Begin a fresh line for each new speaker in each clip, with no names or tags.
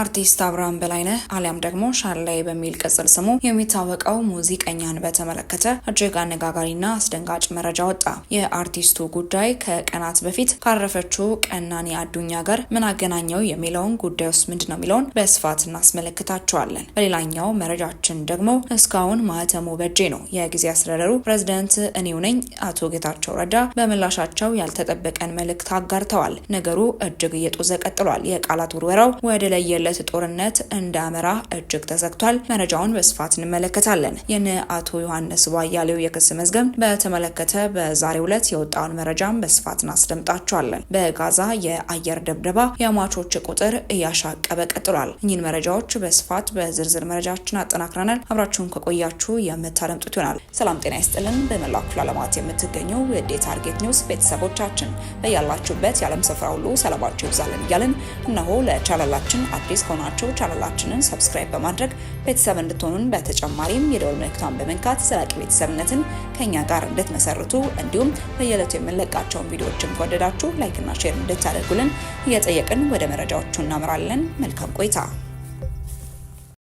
አርቲስት አብርሃም በላይነህ አሊያም ደግሞ ሻላይ በሚል ቅጽል ስሙ የሚታወቀው ሙዚቀኛን በተመለከተ እጅግ አነጋጋሪና አስደንጋጭ መረጃ ወጣ። የአርቲስቱ ጉዳይ ከቀናት በፊት ካረፈችው ቀናኒ አዱኛ ጋር ምን አገናኘው የሚለውን ጉዳይ ውስጥ ምንድን ነው የሚለውን በስፋት እናስመለክታቸዋለን። በሌላኛው መረጃችን ደግሞ እስካሁን ማህተሙ በእጄ ነው፣ የጊዜ አስተዳደሩ ፕሬዚደንት እኔው ነኝ አቶ ጌታቸው ረዳ በምላሻቸው ያልተጠበቀን መልእክት አጋርተዋል። ነገሩ እጅግ እየጦዘ ቀጥሏል። የቃላት ውርወራው ወደ ለየለ ጦርነት እንዳመራ እጅግ ተዘግቷል። መረጃውን በስፋት እንመለከታለን። የነ አቶ ዮሐንስ ባያሌው የክስ መዝገብ በተመለከተ በዛሬው ዕለት የወጣውን መረጃም በስፋት እናስደምጣቸዋለን። በጋዛ የአየር ድብደባ የሟቾች ቁጥር እያሻቀበ ቀጥሏል። እኚህን መረጃዎች በስፋት በዝርዝር መረጃችን አጠናክረናል። አብራችሁን ከቆያችሁ የምታደምጡት ይሆናል። ሰላም ጤና ይስጥልን። በመላው ክፍለ ዓለማት የምትገኙ የዴ ታርጌት ኒውስ ቤተሰቦቻችን በያላችሁበት የዓለም ስፍራ ሁሉ ሰላማችሁ ይብዛልን እያልን እነሆ ለቻናላችን አዲስ አዲስ ከሆናችሁ ቻናላችንን ሰብስክራይብ በማድረግ ቤተሰብ እንድትሆኑን፣ በተጨማሪም የደወል ምልክቷን በመንካት ዘላቂ ቤተሰብነትን ከኛ ጋር እንድትመሰርቱ እንዲሁም በየዕለቱ የምንለቃቸውን ቪዲዮዎችን ከወደዳችሁ ላይክና ሼር እንድታደርጉልን እየጠየቅን ወደ መረጃዎቹ እናምራለን። መልካም ቆይታ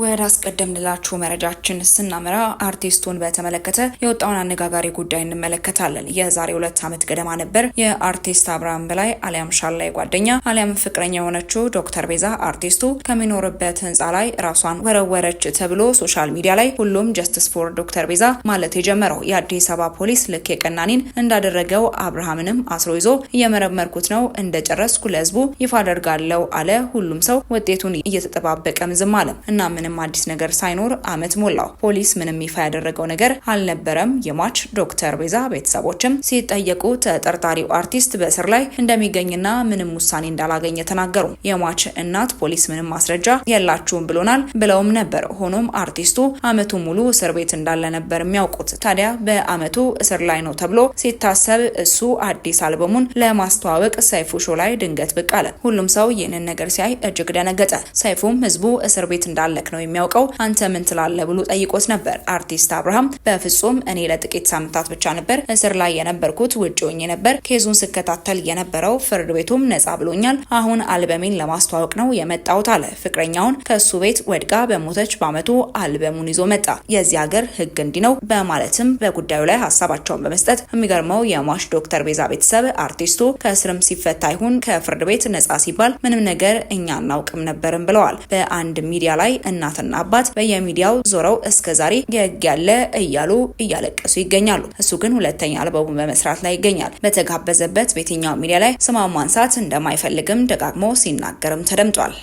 ወደ አስቀደምንላችሁ መረጃችን ስናመራ አርቲስቱን በተመለከተ የወጣውን አነጋጋሪ ጉዳይ እንመለከታለን። የዛሬ ሁለት ዓመት ገደማ ነበር የአርቲስት አብርሃም በላይ አሊያም ሻላይ ጓደኛ አሊያም ፍቅረኛ የሆነችው ዶክተር ቤዛ አርቲስቱ ከሚኖርበት ህንፃ ላይ ራሷን ወረወረች ተብሎ ሶሻል ሚዲያ ላይ ሁሉም ጀስትስ ፎር ዶክተር ቤዛ ማለት የጀመረው። የአዲስ አበባ ፖሊስ ልክ የቀናኒን እንዳደረገው አብርሃምንም አስሮ ይዞ እየመረመርኩት ነው፣ እንደጨረስኩ ለህዝቡ ይፋ አደርጋለሁ አለ። ሁሉም ሰው ውጤቱን እየተጠባበቀም ዝም አለ እና ምንም አዲስ ነገር ሳይኖር አመት ሞላው። ፖሊስ ምንም ይፋ ያደረገው ነገር አልነበረም። የሟች ዶክተር ቤዛ ቤተሰቦችም ሲጠየቁ ተጠርጣሪው አርቲስት በእስር ላይ እንደሚገኝና ምንም ውሳኔ እንዳላገኘ ተናገሩ። የሟች እናት ፖሊስ ምንም ማስረጃ የላችሁም ብሎናል ብለውም ነበር። ሆኖም አርቲስቱ አመቱ ሙሉ እስር ቤት እንዳለ ነበር የሚያውቁት። ታዲያ በአመቱ እስር ላይ ነው ተብሎ ሲታሰብ እሱ አዲስ አልበሙን ለማስተዋወቅ ሰይፉ ሾ ላይ ድንገት ብቅ አለ። ሁሉም ሰው ይህንን ነገር ሲያይ እጅግ ደነገጠ። ሰይፉም ህዝቡ እስር ቤት እንዳለክ ነው የሚያውቀው አንተ ምን ትላለህ ብሎ ጠይቆት ነበር። አርቲስት አብርሃም በፍጹም እኔ ለጥቂት ሳምንታት ብቻ ነበር እስር ላይ የነበርኩት፣ ውጭ ሆኜ ነበር ኬዙን ስከታተል የነበረው። ፍርድ ቤቱም ነጻ ብሎኛል። አሁን አልበሜን ለማስተዋወቅ ነው የመጣሁት አለ። ፍቅረኛውን ከእሱ ቤት ወድቃ በሞተች በአመቱ አልበሙን ይዞ መጣ። የዚህ ሀገር ህግ እንዲህ ነው በማለትም በጉዳዩ ላይ ሀሳባቸውን በመስጠት የሚገርመው የሟች ዶክተር ቤዛ ቤተሰብ አርቲስቱ ከእስርም ሲፈታ ይሁን ከፍርድ ቤት ነጻ ሲባል ምንም ነገር እኛ አናውቅም ነበርም ብለዋል። በአንድ ሚዲያ ላይ እና እናትና አባት በየሚዲያው ዞረው እስከ ዛሬ የህግ ያለ እያሉ እያለቀሱ ይገኛሉ። እሱ ግን ሁለተኛ አልበሙን በመስራት ላይ ይገኛል። በተጋበዘበት በየትኛው ሚዲያ ላይ ስማን ማንሳት እንደማይፈልግም ደጋግሞ ሲናገርም ተደምጧል።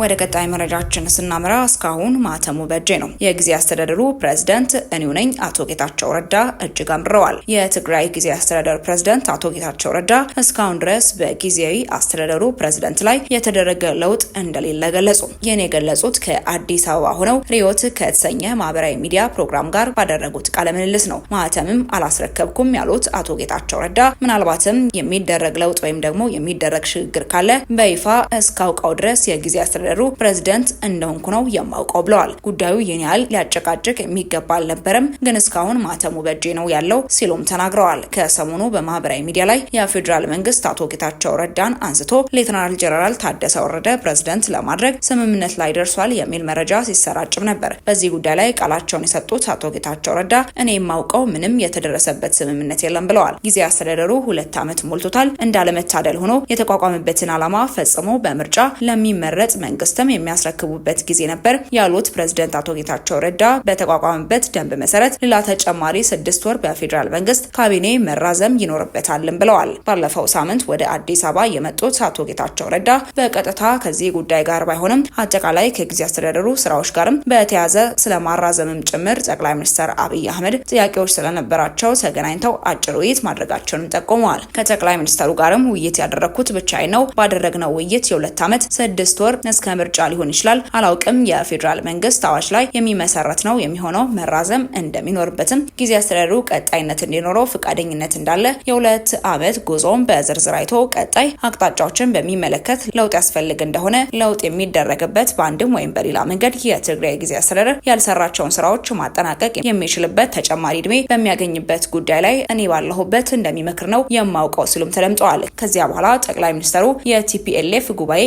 ወደ ቀጣይ መረጃችን ስናምራ እስካሁን ማተሙ በእጄ ነው። የጊዜ አስተዳደሩ ፕሬዝደንት እኔው ነኝ አቶ ጌታቸው ረዳ እጅግ አምርረዋል። የትግራይ ጊዜ አስተዳደር ፕሬዝደንት አቶ ጌታቸው ረዳ እስካሁን ድረስ በጊዜያዊ አስተዳደሩ ፕሬዝደንት ላይ የተደረገ ለውጥ እንደሌለ ገለጹ። ይህን የገለጹት ከአዲስ አበባ ሆነው ሪዮት ከተሰኘ ማህበራዊ ሚዲያ ፕሮግራም ጋር ባደረጉት ቃለ ምልልስ ነው። ማህተምም አላስረከብኩም ያሉት አቶ ጌታቸው ረዳ ምናልባትም የሚደረግ ለውጥ ወይም ደግሞ የሚደረግ ሽግግር ካለ በይፋ እስካውቃው ድረስ የጊዜ የተባረሩ ፕሬዝደንት እንደሆንኩ ነው የማውቀው ብለዋል። ጉዳዩ ይህን ያህል ሊያጨቃጭቅ የሚገባ አልነበረም፣ ግን እስካሁን ማተሙ በእጄ ነው ያለው ሲሉም ተናግረዋል። ከሰሞኑ በማህበራዊ ሚዲያ ላይ የፌዴራል መንግስት አቶ ጌታቸው ረዳን አንስቶ ሌተናል ጀነራል ታደሰ ወረደ ፕሬዝደንት ለማድረግ ስምምነት ላይ ደርሷል የሚል መረጃ ሲሰራጭም ነበር። በዚህ ጉዳይ ላይ ቃላቸውን የሰጡት አቶ ጌታቸው ረዳ እኔ የማውቀው ምንም የተደረሰበት ስምምነት የለም ብለዋል። ጊዜ አስተዳደሩ ሁለት ዓመት ሞልቶታል። እንዳለመታደል ሆኖ የተቋቋመበትን ዓላማ ፈጽሞ በምርጫ ለሚመረጥ መንግስትም የሚያስረክቡበት ጊዜ ነበር ያሉት ፕሬዝደንት አቶ ጌታቸው ረዳ በተቋቋመበት ደንብ መሰረት ሌላ ተጨማሪ ስድስት ወር በፌዴራል መንግስት ካቢኔ መራዘም ይኖርበታልም ብለዋል። ባለፈው ሳምንት ወደ አዲስ አበባ የመጡት አቶ ጌታቸው ረዳ በቀጥታ ከዚህ ጉዳይ ጋር ባይሆንም አጠቃላይ ከጊዜ አስተዳደሩ ስራዎች ጋርም በተያያዘ ስለማራዘምም ጭምር ጠቅላይ ሚኒስትር አብይ አህመድ ጥያቄዎች ስለነበራቸው ተገናኝተው አጭር ውይይት ማድረጋቸውንም ጠቁመዋል። ከጠቅላይ ሚኒስትሩ ጋርም ውይይት ያደረግኩት ብቻዬን ነው። ባደረግነው ውይይት የሁለት ዓመት ስድስት ወር እስከ ምርጫ ሊሆን ይችላል አላውቅም። የፌዴራል መንግስት አዋጅ ላይ የሚመሰረት ነው የሚሆነው። መራዘም እንደሚኖርበትም ጊዜ አስተዳደሩ ቀጣይነት እንዲኖረው ፈቃደኝነት እንዳለ የሁለት ዓመት ጉዞውን በዝርዝር አይቶ ቀጣይ አቅጣጫዎችን በሚመለከት ለውጥ ያስፈልግ እንደሆነ ለውጥ የሚደረግበት በአንድም ወይም በሌላ መንገድ የትግራይ ጊዜ አስተዳደር ያልሰራቸውን ስራዎች ማጠናቀቅ የሚችልበት ተጨማሪ እድሜ በሚያገኝበት ጉዳይ ላይ እኔ ባለሁበት እንደሚመክር ነው የማውቀው ሲሉም ተደምጠዋል። ከዚያ በኋላ ጠቅላይ ሚኒስተሩ የቲፒኤልኤፍ ጉባኤ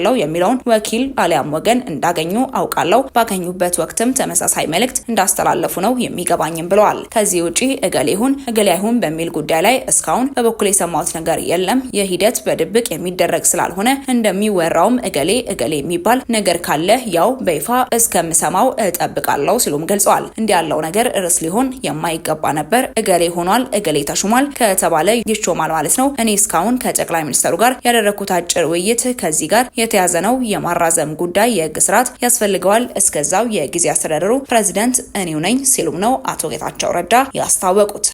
ያለው የሚለውን የሚለውን ወኪል አሊያም ወገን እንዳገኙ አውቃለሁ። ባገኙበት ወቅትም ተመሳሳይ መልእክት እንዳስተላለፉ ነው የሚገባኝም ብለዋል። ከዚህ ውጪ እገሌ ይሁን እገሌ አይሁን በሚል ጉዳይ ላይ እስካሁን በበኩል የሰማሁት ነገር የለም። ይህ ሂደት በድብቅ የሚደረግ ስላልሆነ እንደሚወራውም እገሌ እገሌ የሚባል ነገር ካለ ያው በይፋ እስከምሰማው እጠብቃለሁ ሲሉም ገልጸዋል። እንዲህ ያለው ነገር ርዕስ ሊሆን የማይገባ ነበር። እገሌ ሆኗል፣ እገሌ ተሹሟል ከተባለ ይሾማል ማለት ነው። እኔ እስካሁን ከጠቅላይ ሚኒስትሩ ጋር ያደረግኩት አጭር ውይይት ከዚህ ጋር የተያዘ ነው። የማራዘም ጉዳይ የህግ ስርዓት ያስፈልገዋል። እስከዛው የጊዜ አስተዳደሩ ፕሬዚደንት እኔው ነኝ ሲሉም ነው አቶ ጌታቸው ረዳ ያስታወቁት።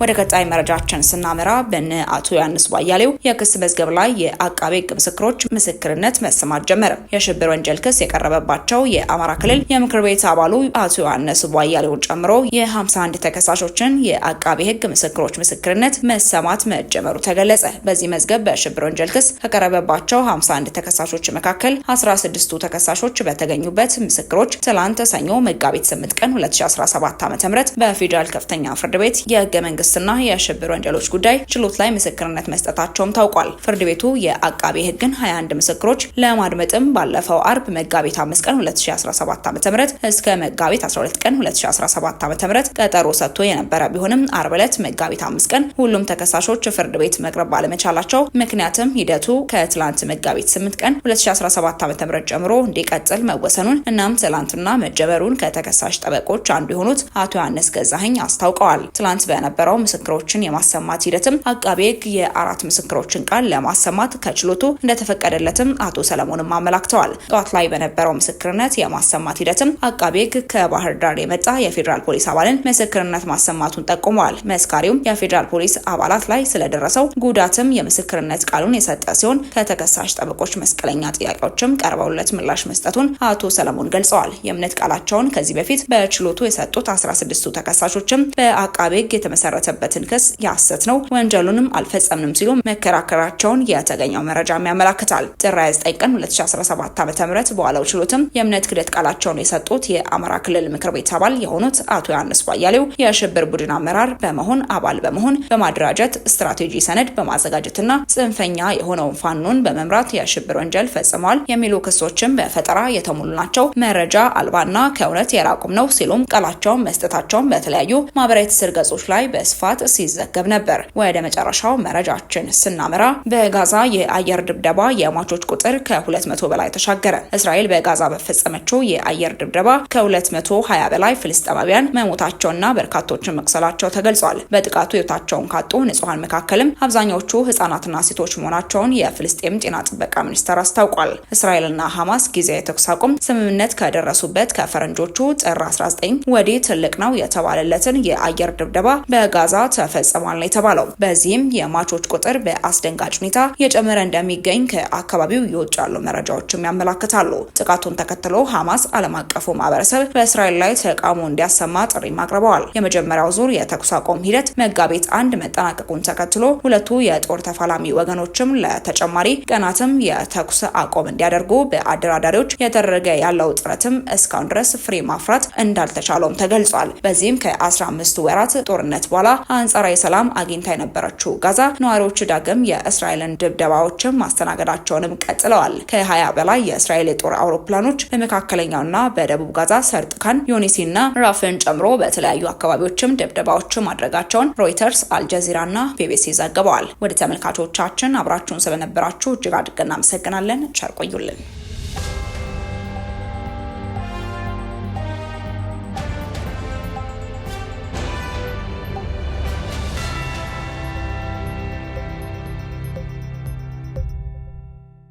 ወደ ቀጣይ መረጃችን ስናመራ በነ አቶ ዮሐንስ ዋያሌው የክስ መዝገብ ላይ የአቃቤ ህግ ምስክሮች ምስክርነት መሰማት ጀመረ። የሽብር ወንጀል ክስ የቀረበባቸው የአማራ ክልል የምክር ቤት አባሉ አቶ ዮሐንስ ዋያሌውን ጨምሮ የ51 ተከሳሾችን የአቃቤ ህግ ምስክሮች ምስክርነት መሰማት መጀመሩ ተገለጸ። በዚህ መዝገብ በሽብር ወንጀል ክስ ከቀረበባቸው 51 ተከሳሾች መካከል 16ቱ ተከሳሾች በተገኙበት ምስክሮች ትላንት ሰኞ መጋቢት 8 ቀን 2017 ዓ.ም በፌዴራል ከፍተኛ ፍርድ ቤት የህገ መንግስት ክስና የአሸባሪ ወንጀሎች ጉዳይ ችሎት ላይ ምስክርነት መስጠታቸውም ታውቋል። ፍርድ ቤቱ የአቃቤ ሕግን 21 ምስክሮች ለማድመጥም ባለፈው አርብ መጋቢት 5 ቀን 2017 ዓ.ም እስከ መጋቢት 12 ቀን 2017 ዓ.ም ቀጠሮ ሰጥቶ የነበረ ቢሆንም አርብ ዕለት መጋቢት 5 ቀን ሁሉም ተከሳሾች ፍርድ ቤት መቅረብ ባለመቻላቸው ምክንያትም ሂደቱ ከትላንት መጋቢት 8 ቀን 2017 ዓ.ም ጀምሮ እንዲቀጥል መወሰኑን እናም ትላንትና መጀመሩን ከተከሳሽ ጠበቆች አንዱ የሆኑት አቶ ዮሐንስ ገዛህኝ አስታውቀዋል። ትላንት በነበረው ችሎታው ምስክሮችን የማሰማት ሂደትም አቃቤ ህግ የአራት ምስክሮችን ቃል ለማሰማት ከችሎቱ እንደተፈቀደለትም አቶ ሰለሞንም አመላክተዋል። ጠዋት ላይ በነበረው ምስክርነት የማሰማት ሂደትም አቃቤ ህግ ከባህር ዳር የመጣ የፌዴራል ፖሊስ አባልን ምስክርነት ማሰማቱን ጠቁመዋል። መስካሪውም የፌዴራል ፖሊስ አባላት ላይ ስለደረሰው ጉዳትም የምስክርነት ቃሉን የሰጠ ሲሆን ከተከሳሽ ጠበቆች መስቀለኛ ጥያቄዎችም ቀርበውለት ምላሽ መስጠቱን አቶ ሰለሞን ገልጸዋል። የእምነት ቃላቸውን ከዚህ በፊት በችሎቱ የሰጡት አስራ ስድስቱ ተከሳሾችም በአቃቤ የተመሰረተ የቀረበበትን ክስ ያሰት ነው፣ ወንጀሉንም አልፈጸምንም ሲሉ መከራከራቸውን የተገኘው መረጃም ያመላክታል። ጥር 29 ቀን 2017 ዓ.ም በኋላው ችሎትም የእምነት ክደት ቃላቸውን የሰጡት የአማራ ክልል ምክር ቤት አባል የሆኑት አቶ ዮሐንስ ባያሌው የሽብር ቡድን አመራር በመሆን አባል በመሆን በማደራጀት ስትራቴጂ ሰነድ በማዘጋጀትና ጽንፈኛ የሆነውን ፋኖን በመምራት የሽብር ወንጀል ፈጽመዋል የሚሉ ክሶችም በፈጠራ የተሞሉ ናቸው፣ መረጃ አልባና ከእውነት የራቁም ነው ሲሉም ቃላቸውን መስጠታቸውን በተለያዩ ማህበራዊ ትስስር ገጾች ላይ በስ በስፋት ሲዘገብ ነበር። ወደ መጨረሻው መረጃችን ስናመራ በጋዛ የአየር ድብደባ የሟቾች ቁጥር ከ200 በላይ ተሻገረ። እስራኤል በጋዛ በፈጸመችው የአየር ድብደባ ከ220 በላይ ፍልስጤማውያን መሞታቸውና በርካቶችን መቁሰላቸው ተገልጿል። በጥቃቱ ህይወታቸውን ካጡ ንጹሐን መካከልም አብዛኛዎቹ ህጻናትና ሴቶች መሆናቸውን የፍልስጤም ጤና ጥበቃ ሚኒስቴር አስታውቋል። እስራኤልና ሐማስ ጊዜያዊ የተኩስ አቁም ስምምነት ከደረሱበት ከፈረንጆቹ ጥር 19 ወዲህ ትልቅ ነው የተባለለትን የአየር ድብደባ በጋ ጋዛ ተፈጽሟል ነው የተባለው። በዚህም የማቾች ቁጥር በአስደንጋጭ ሁኔታ የጨመረ እንደሚገኝ ከአካባቢው የውጭ ያሉ መረጃዎችም ያመላክታሉ። ጥቃቱን ተከትሎ ሐማስ ዓለም አቀፉ ማህበረሰብ በእስራኤል ላይ ተቃውሞ እንዲያሰማ ጥሪም አቅርበዋል። የመጀመሪያው ዙር የተኩስ አቆም ሂደት መጋቢት አንድ መጠናቀቁን ተከትሎ ሁለቱ የጦር ተፋላሚ ወገኖችም ለተጨማሪ ቀናትም የተኩስ አቆም እንዲያደርጉ በአደራዳሪዎች የተደረገ ያለው ጥረትም እስካሁን ድረስ ፍሬ ማፍራት እንዳልተቻለውም ተገልጿል። በዚህም ከ15 ወራት ጦርነት በኋላ አንጻራዊ ሰላም አግኝታ የነበረችው ጋዛ ነዋሪዎቹ ዳግም የእስራኤልን ድብደባዎችን ማስተናገዳቸውንም ቀጥለዋል። ከ20 በላይ የእስራኤል የጦር አውሮፕላኖች በመካከለኛውና በደቡብ ጋዛ ሰርጥ ካን፣ ዮኒሲና ራፍን ጨምሮ በተለያዩ አካባቢዎችም ድብደባዎች ማድረጋቸውን ሮይተርስ፣ አልጀዚራና ቢቢሲ ዘግበዋል። ወደ ተመልካቾቻችን አብራችሁን ስለነበራችሁ እጅግ አድርገን እናመሰግናለን። ቸር ቆዩልን።